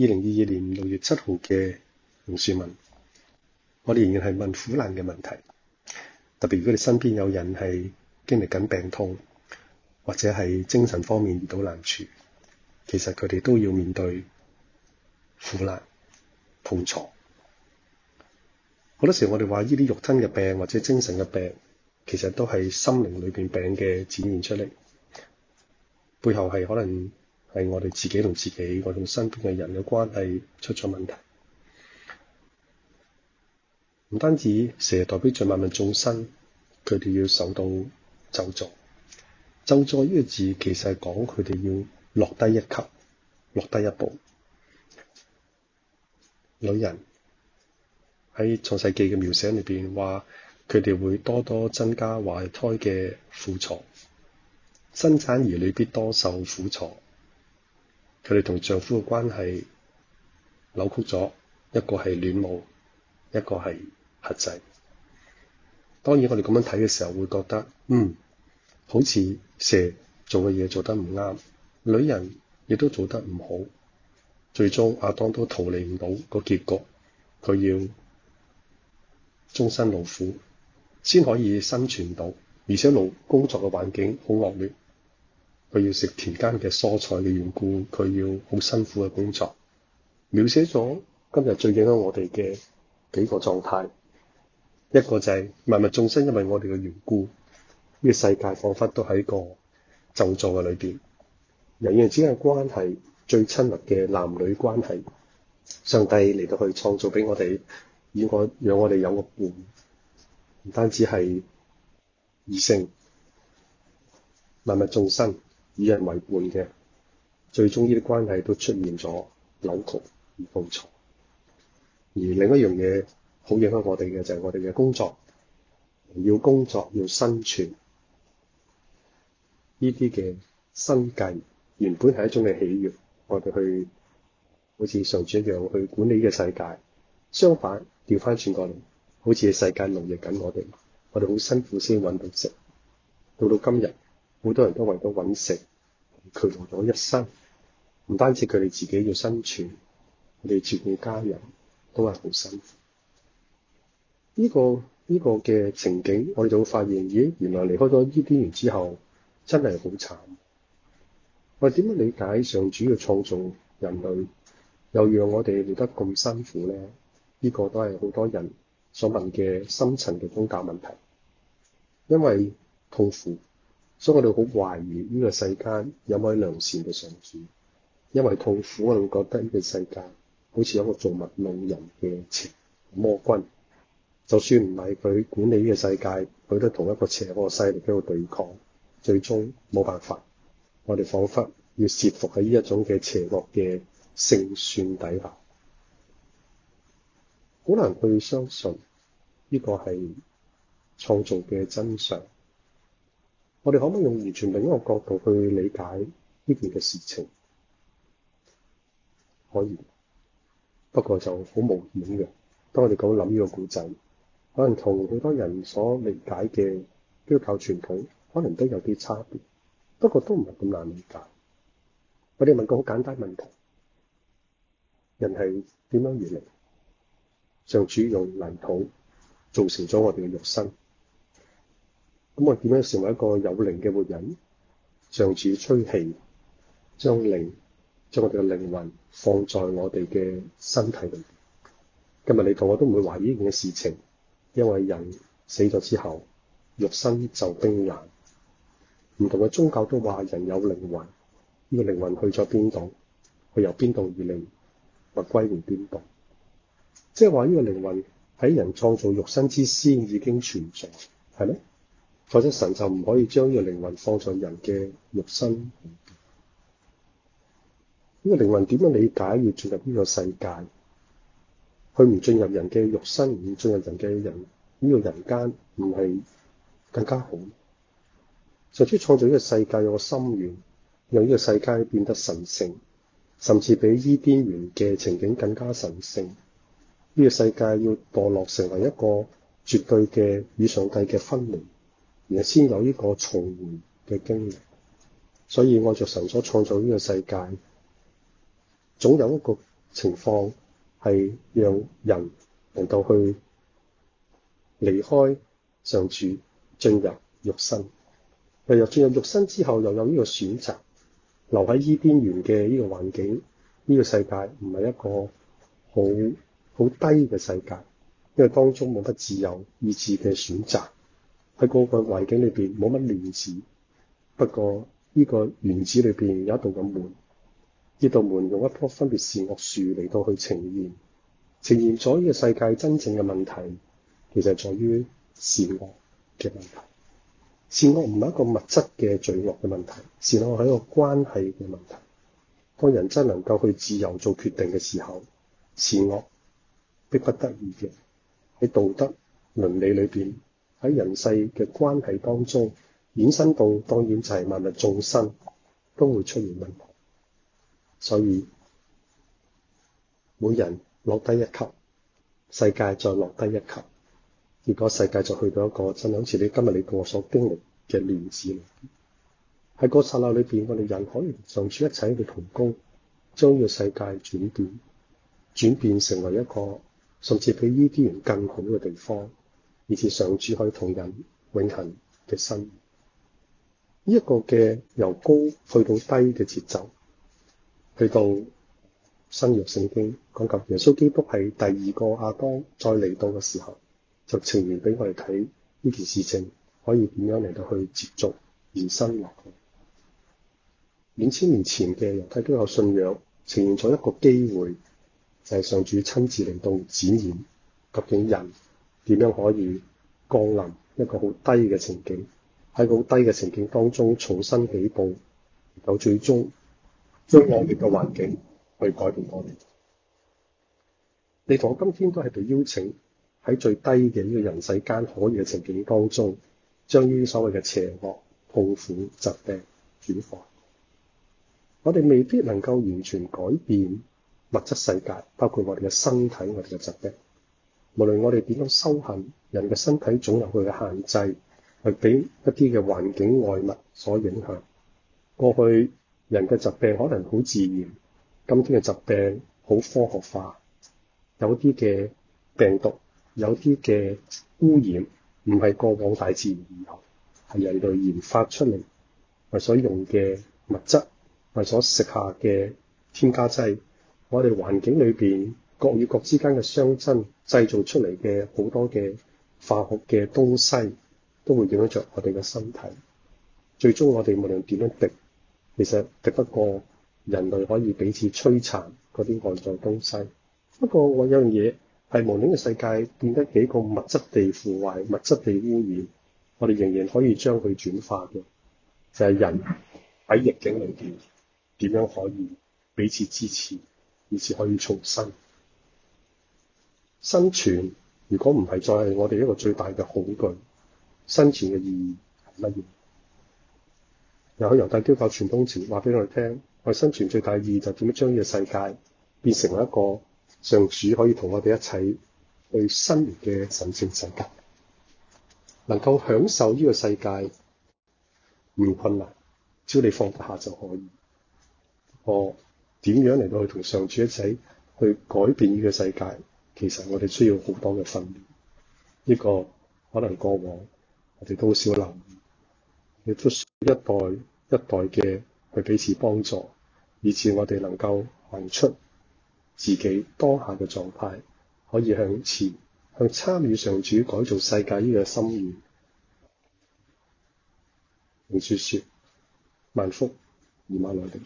二零二二年六月七號嘅楊樹文，我哋仍然係問苦難嘅問題。特別如果你身邊有人係經歷緊病痛，或者係精神方面遇到難處，其實佢哋都要面對苦難痛楚。好多時候我哋話呢啲肉身嘅病或者精神嘅病，其實都係心靈裏邊病嘅展現出嚟，背後係可能。係我哋自己同自己，我哋同身邊嘅人嘅關係出咗問題。唔單止蛇代表住萬物眾生，佢哋要受到咒詛。咒詛呢個字，其實係講佢哋要落低一級，落低一步。女人喺創世記嘅描寫裏邊話，佢哋會多多增加懷胎嘅苦楚，生產兒女必多受苦楚。佢哋同丈夫嘅關係扭曲咗，一個係戀慕，一個係轄制。當然，我哋咁樣睇嘅時候會覺得，嗯，好似蛇做嘅嘢做得唔啱，女人亦都做得唔好，最終阿當都逃離唔到個結局，佢要終身勞苦先可以生存到，而且勞工作嘅環境好惡劣。佢要食田間嘅蔬菜嘅緣故，佢要好辛苦嘅工作，描寫咗今日最影響我哋嘅幾個狀態。一個就係、是、萬物眾生，因為我哋嘅緣故，呢、這個世界仿佛都喺個咒詛嘅裏邊。人與人之間嘅關係最親密嘅男女關係，上帝嚟到去創造俾我哋，以我讓我哋有個伴，唔單止係異性，萬物眾生。與人為伴嘅，最終呢啲關係都出現咗扭曲而崩殂。而另一樣嘢好影響我哋嘅就係我哋嘅工作，要工作要生存，呢啲嘅生計原本係一種嘅喜悅，我哋去好似上次一樣去管理嘅世界。相反，調翻轉過嚟，好似世界奴役緊我哋，我哋好辛苦先搵到食，到到今日。好多人都為咗揾食，劬勞咗一生，唔單止佢哋自己要生存，佢哋全個家人都係好辛苦。呢、這個呢、這個嘅情景，我哋就會發現，咦，原來離開咗伊甸園之後，真係好慘。我哋點樣理解上主嘅創造人類，又讓我哋活得咁辛苦咧？呢、這個都係好多人所問嘅深層嘅宗教問題，因為痛苦。所以我哋好懷疑呢個世間有冇喺良善嘅上主，因為痛苦我哋會覺得呢個世界好似有一個造物弄人嘅邪魔君，就算唔係佢管理呢個世界，佢都同一個邪惡勢力喺度對抗，最終冇辦法，我哋仿佛要折服喺呢一種嘅邪惡嘅勝算底下，好難去相信呢個係創造嘅真相。我哋可唔可以用完全另一個角度去理解呢件嘅事情？可以，不過就好冒險嘅。當我哋講諗呢個古仔，可能同好多人所理解嘅基督教傳統，可能都有啲差別。不過都唔係咁難理解。我哋問個好簡單問題：人係點樣而嚟？上主用泥土造成咗我哋嘅肉身。咁我點樣成為一個有靈嘅活人？上主吹氣，將靈，將我哋嘅靈魂放在我哋嘅身體裏面。今日你同我都唔會懷疑呢件事情，因為人死咗之後，肉身就冰冷。唔同嘅宗教都話人有靈魂，呢、這個靈魂去咗邊度？去由邊度而嚟？或歸回邊度？即係話呢個靈魂喺人創造肉身之先已經存在，係咩？或者神就唔可以將呢個靈魂放在人嘅肉身。呢、這個靈魂點樣理解？要進入呢個世界，佢唔進入人嘅肉身，唔進入人嘅人呢、這個人間，唔係更加好？甚至創造呢個世界有個心願，讓呢個世界變得神聖，甚至比伊甸園嘅情景更加神聖。呢、這個世界要墮落成為一個絕對嘅與上帝嘅分離。然後先有呢個重現嘅經歷，所以我就神所創造呢個世界，總有一個情況係讓人能夠去離開上主，進入肉身。又進入肉身之後，又有呢個選擇，留喺呢邊緣嘅呢個環境，呢個世界唔係一個好好低嘅世界，因為當中冇得自由意志嘅選擇。喺嗰個環境裏邊冇乜亂子，不過呢個園子裏邊有一道咁門，呢道門用一棵分別善惡樹嚟到去呈現，呈現咗呢個世界真正嘅問題，其實係在於善惡嘅問題。善惡唔係一個物質嘅罪惡嘅問題，善惡係一個關係嘅問題。當人真能夠去自由做決定嘅時候，善惡逼不得已嘅喺道德倫理裏邊。喺人世嘅關係當中，衍生，到當然就係萬物眾生都會出現問題，所以每人落低一級，世界再落低一級，結果，世界就去到一個真係好似你今日你同我所經歷嘅亂子，喺個剎那裏邊，我哋人可以甚至一切去同工，將呢個世界轉變，轉變成為一個甚至比呢啲人更好嘅地方。而是上主可以同人永恆嘅生。呢、這、一個嘅由高去到低嘅節奏，去到新約聖經講及耶穌基督係第二個亞當再嚟到嘅時候，就呈現俾我哋睇呢件事情可以點樣嚟到去接觸延伸落去。兩千年前嘅人睇都有信仰，呈現咗一個機會，就係、是、上主親自嚟到展現究竟人。點樣可以降臨一個好低嘅情景？喺個好低嘅情，情景當中，重新起步，有最終將我哋嘅環境去改變我哋。你同我今天都係被邀請喺最低嘅呢個人世間可以嘅情景當中，將呢啲所謂嘅邪惡、痛苦、疾病轉化。我哋未必能夠完全改變物質世界，包括我哋嘅身體、我哋嘅疾病。無論我哋點樣修行，人嘅身體總有佢嘅限制，係俾一啲嘅環境外物所影響。過去人嘅疾病可能好自然，今天嘅疾病好科學化。有啲嘅病毒，有啲嘅污染，唔係過往大自然而嚟，係人類研發出嚟為所用嘅物質，為所食下嘅添加劑。我哋環境裏邊。國與國之間嘅相爭，製造出嚟嘅好多嘅化學嘅東西，都會影響着我哋嘅身體。最終我哋無論點樣敵，其實敵不過人類可以彼此摧殘嗰啲外在東西。不過我有樣嘢係，無論嘅世界變得幾個物質地腐壞、物質地污染，我哋仍然可以將佢轉化嘅，就係、是、人喺逆境裏邊點樣可以彼此支持，以至可以重生。生存如果唔係再係我哋一個最大嘅恐懼，生存嘅意義係乜嘢？又去由猶太教傳統詞話俾我哋聽，我哋生存最大意義就係點樣將呢個世界變成一個上主可以同我哋一齊去生活嘅神聖世界，能夠享受呢個世界唔困難，只要你放得下就可以。我、哦、點樣嚟到去同上主一齊去改變呢個世界？其實我哋需要好多嘅訓練，呢、這個可能過往我哋都好少留意。亦都一代一代嘅去彼此幫助，以至我哋能夠行出自己當下嘅狀態，可以向前向參與上主改造世界呢個心願。明珠説：萬福而萬能。馬來